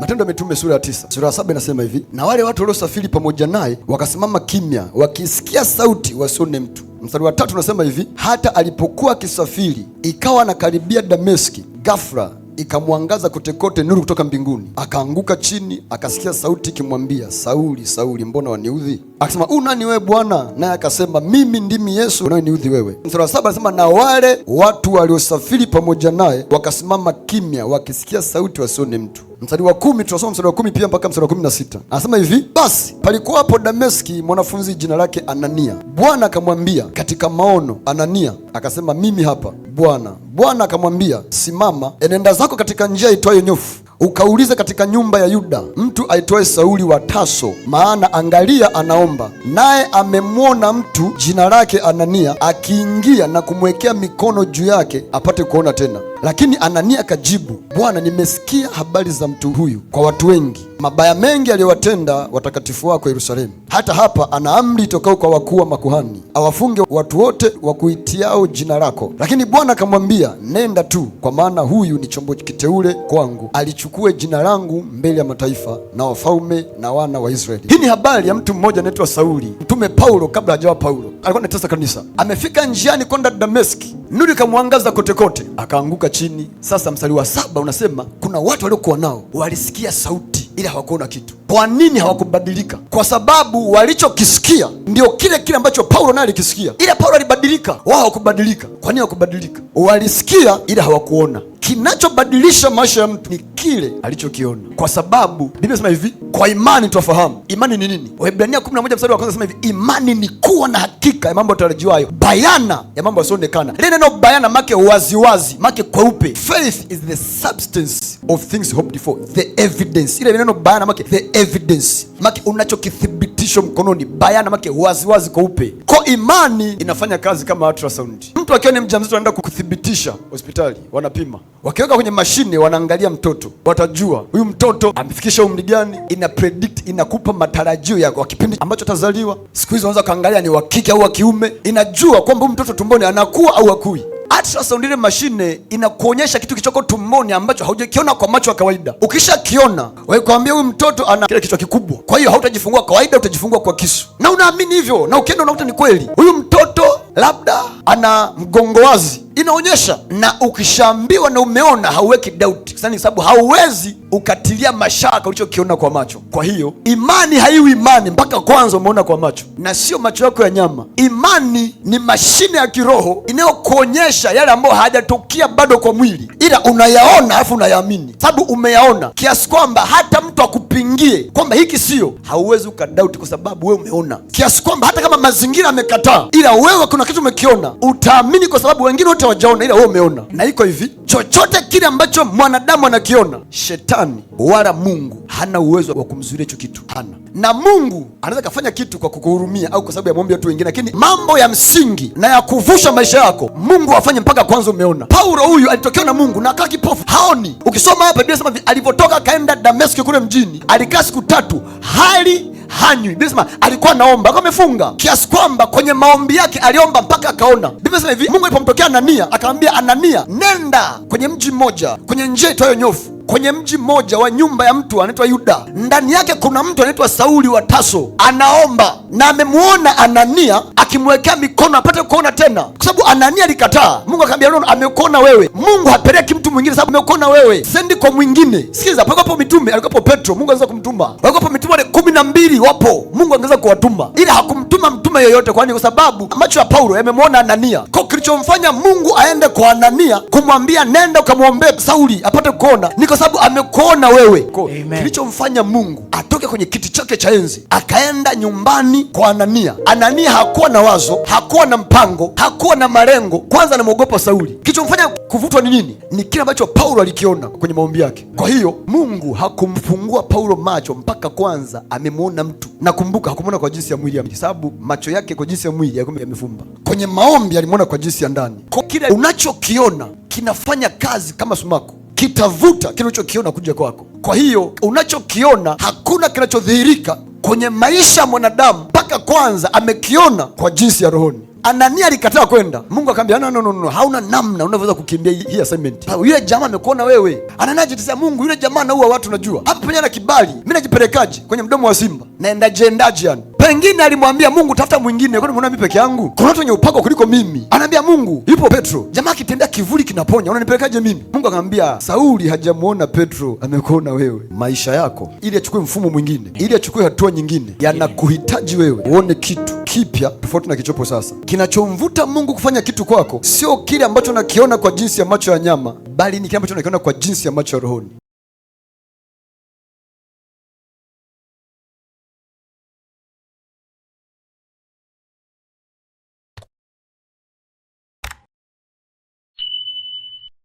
Matendo ya Mitume sura ya tisa sura ya saba inasema hivi, na wale watu waliosafiri pamoja naye wakasimama kimya, wakisikia sauti wasione mtu. Mstari wa tatu unasema hivi, hata alipokuwa akisafiri ikawa anakaribia Dameski, ghafla ikamwangaza kotekote nuru kutoka mbinguni, akaanguka chini, akasikia sauti ikimwambia, Sauli, Sauli, mbona waniudhi? Akasema, u nani wewe Bwana? Naye akasema, mimi ndimi Yesu unayeniudhi wewe. Mstari wa saba anasema, na wale watu waliosafiri pamoja naye wakasimama kimya, wakisikia sauti wasione mtu mstari wa kumi, tunasoma mstari wa kumi pia mpaka mstari wa kumi na sita anasema hivi: basi palikuwa hapo Dameski mwanafunzi jina lake Anania. Bwana akamwambia katika maono, Anania. Akasema, mimi hapa Bwana. Bwana akamwambia, simama, enenda zako katika njia itwayo nyofu Ukaulize katika nyumba ya Yuda mtu aitwaye Sauli wa Taso, maana angalia, anaomba naye amemwona mtu jina lake Anania akiingia na kumwekea mikono juu yake apate kuona tena. Lakini Anania akajibu, Bwana, nimesikia habari za mtu huyu kwa watu wengi mabaya mengi aliyowatenda watakatifu wako Yerusalemu. Hata hapa ana amri itokao kwa wakuu wa makuhani, awafunge watu wote wa kuitiao jina lako. Lakini Bwana akamwambia, nenda tu, kwa maana huyu ni chombo kiteule kwangu, alichukue jina langu mbele ya mataifa na wafalme na wana wa Israeli. Hii ni habari ya mtu mmoja anaitwa Sauli. Mtume Paulo, kabla hajawa Paulo, alikuwa anatesa kanisa. Amefika njiani kwenda Dameski, nuru ikamwangaza kote kote, akaanguka chini. Sasa mstari wa saba unasema kuna watu waliokuwa nao walisikia sauti ila hawakuona kitu. Kwa nini hawakubadilika? Kwa sababu walichokisikia ndio kile kile ambacho Paulo naye alikisikia, ila Paulo alibadilika, wao hawakubadilika. Kwa nini hawakubadilika? Walisikia ila hawakuona. Kinachobadilisha maisha ya mtu ni kile alichokiona, kwa sababu Biblia inasema hivi, kwa imani twafahamu. Imani ni nini? Waebrania 11 mstari wa kwanza nasema hivi, imani ni kuwa na hakika ya mambo yatarajiwayo, bayana ya mambo yasiyoonekana. Lile neno bayana make waziwazi, make kweupe. Faith is the substance of things hoped for, the evidence. Ile neno bayana make the evidence make unachokithibitisho mkononi, bayana make waziwazi kweupe. Kwa imani inafanya kazi kama ultrasound. Mtu akiwa ni mjamzito anaenda kukuthibitisha hospitali, wanapima, wakiweka kwenye mashine, wanaangalia mtoto, watajua huyu mtoto amefikisha umri gani. Ina predict, inakupa matarajio ya kwa kipindi ambacho atazaliwa. Siku hizi unaweza kaangalia ni wa kike au wa kiume, inajua kwamba huyu mtoto tumboni anakuwa au akui ultrasound, ile mashine inakuonyesha kitu kichoko tumboni ambacho haujakiona kwa macho ya kawaida. Ukishakiona wakwambia huyu mtoto ana kile kichwa kikubwa, kwa hiyo hautajifungua kawaida, utajifungua kwa kisu, na unaamini hivyo, na ukienda unakuta ni kweli, huyu mtoto labda ana mgongo wazi inaonyesha na ukishaambiwa na umeona hauweki doubt sani, sababu hauwezi ukatilia mashaka ulichokiona kwa macho. Kwa hiyo imani haiwi imani mpaka kwanza umeona kwa macho, na sio macho yako ya nyama. Imani ni mashine ya kiroho inayokuonyesha yale ambayo hayajatokea bado kwa mwili, ila unayaona alafu unayaamini, sababu umeyaona kiasi kwamba hata mtu akupingie kwamba hiki sio, hauwezi ukadauti kwa sababu wewe umeona, kiasi kwamba hata kama mazingira amekataa, ila wewe kuna kitu umekiona, utaamini kwa sababu wengine wote wajaona, ila wewe umeona. Na iko hivi, chochote kile ambacho mwanadamu anakiona, shetani wala Mungu hana uwezo wa kumzuria hicho kitu, hana. Na Mungu anaweza kafanya kitu kwa kukuhurumia au kwa sababu ya maombi ya watu wengine, lakini mambo ya msingi na ya kuvusha maisha yako Mungu afanye mpaka kwanza umeona. Paulo huyu alitokewa na Mungu na akaa kipofu, haoni. Ukisoma hapa Biblia inasema alivyotoka akaenda Dameski kule mjini, alikaa siku tatu hali hanywi. Biblia inasema alikuwa anaomba, alikuwa amefunga kiasi kwamba kwenye maombi yake aliomba mpaka akaona. Biblia inasema hivi, Mungu alipomtokea Anania akamwambia Anania, nenda kwenye mji mmoja kwenye njia itwayo nyofu kwenye mji mmoja wa nyumba ya mtu anaitwa Yuda, ndani yake kuna mtu anaitwa Sauli wa Taso, anaomba na amemwona Anania akimwekea mikono apate kuona tena, kwa sababu Anania alikataa. Mungu akamwambia no, amekuona wewe. Mungu hapeleki mtu mwingine, sababu amekuona wewe, sendi kwa mwingine. Sikiza, palikuwapo mitume, alikuwapo Petro, Mungu anaweza kumtuma. Palikuwapo mitume wale kumi na mbili, wapo, Mungu angeweza kuwatuma, ila hakumtuma mtume yoyote. Kwani kwa sababu macho ya Paulo yamemwona Anania kwa kilichomfanya Mungu aende kwa Anania kumwambia nenda ukamwombee Sauli apate kuona ni kwa sababu amekuona wewe. Kilichomfanya Mungu atoke kwenye kiti chake cha enzi akaenda nyumbani kwa Anania. Anania hakuwa na wazo, hakuwa na mpango, hakuwa na malengo, kwanza anamwogopa Sauli. Kilichomfanya Kuvutwa ni nini? Ni kile ambacho Paulo alikiona kwenye maombi yake. Kwa hiyo Mungu hakumfungua Paulo macho mpaka kwanza amemwona mtu. Nakumbuka hakumwona kwa jinsi ya mwili ya, sababu macho yake kwa jinsi ya mwili yamefumba. Kwenye maombi alimwona kwa jinsi ya ndani. Kwa kile unachokiona kinafanya kazi kama sumaku, kitavuta kile unachokiona kuja kwako. Kwa hiyo unachokiona, hakuna kinachodhihirika kwenye maisha ya mwanadamu mpaka kwanza amekiona kwa jinsi ya rohoni. Anania alikataa kwenda. Mungu akamwambia no, no, no, no, hauna namna unavyoweza kukimbia hii assignment. Yule jamaa amekuona wewe. Anania ajitetea, Mungu, yule jamaa anaua watu, najua hapa penyewe na kibali, mimi najipelekaje kwenye mdomo wa simba? Naendaje endaje yani? Pengine alimwambia Mungu, tafuta mwingine, kwani unaona mimi peke yangu? Kuna watu wenye upako kuliko mimi. Anaambia Mungu, yupo Petro, jamaa akitembea kivuli kinaponya, unanipelekaje mimi? Mungu akamwambia, Sauli hajamuona Petro, amekuona wewe. Maisha yako ili achukue mfumo mwingine, ili achukue hatua nyingine, yanakuhitaji wewe uone kitu kipya tofauti na kichopo sasa. Kinachomvuta Mungu kufanya kitu kwako sio kile ambacho nakiona kwa jinsi ya macho ya nyama, bali ni kile ambacho nakiona kwa jinsi ya macho ya rohoni.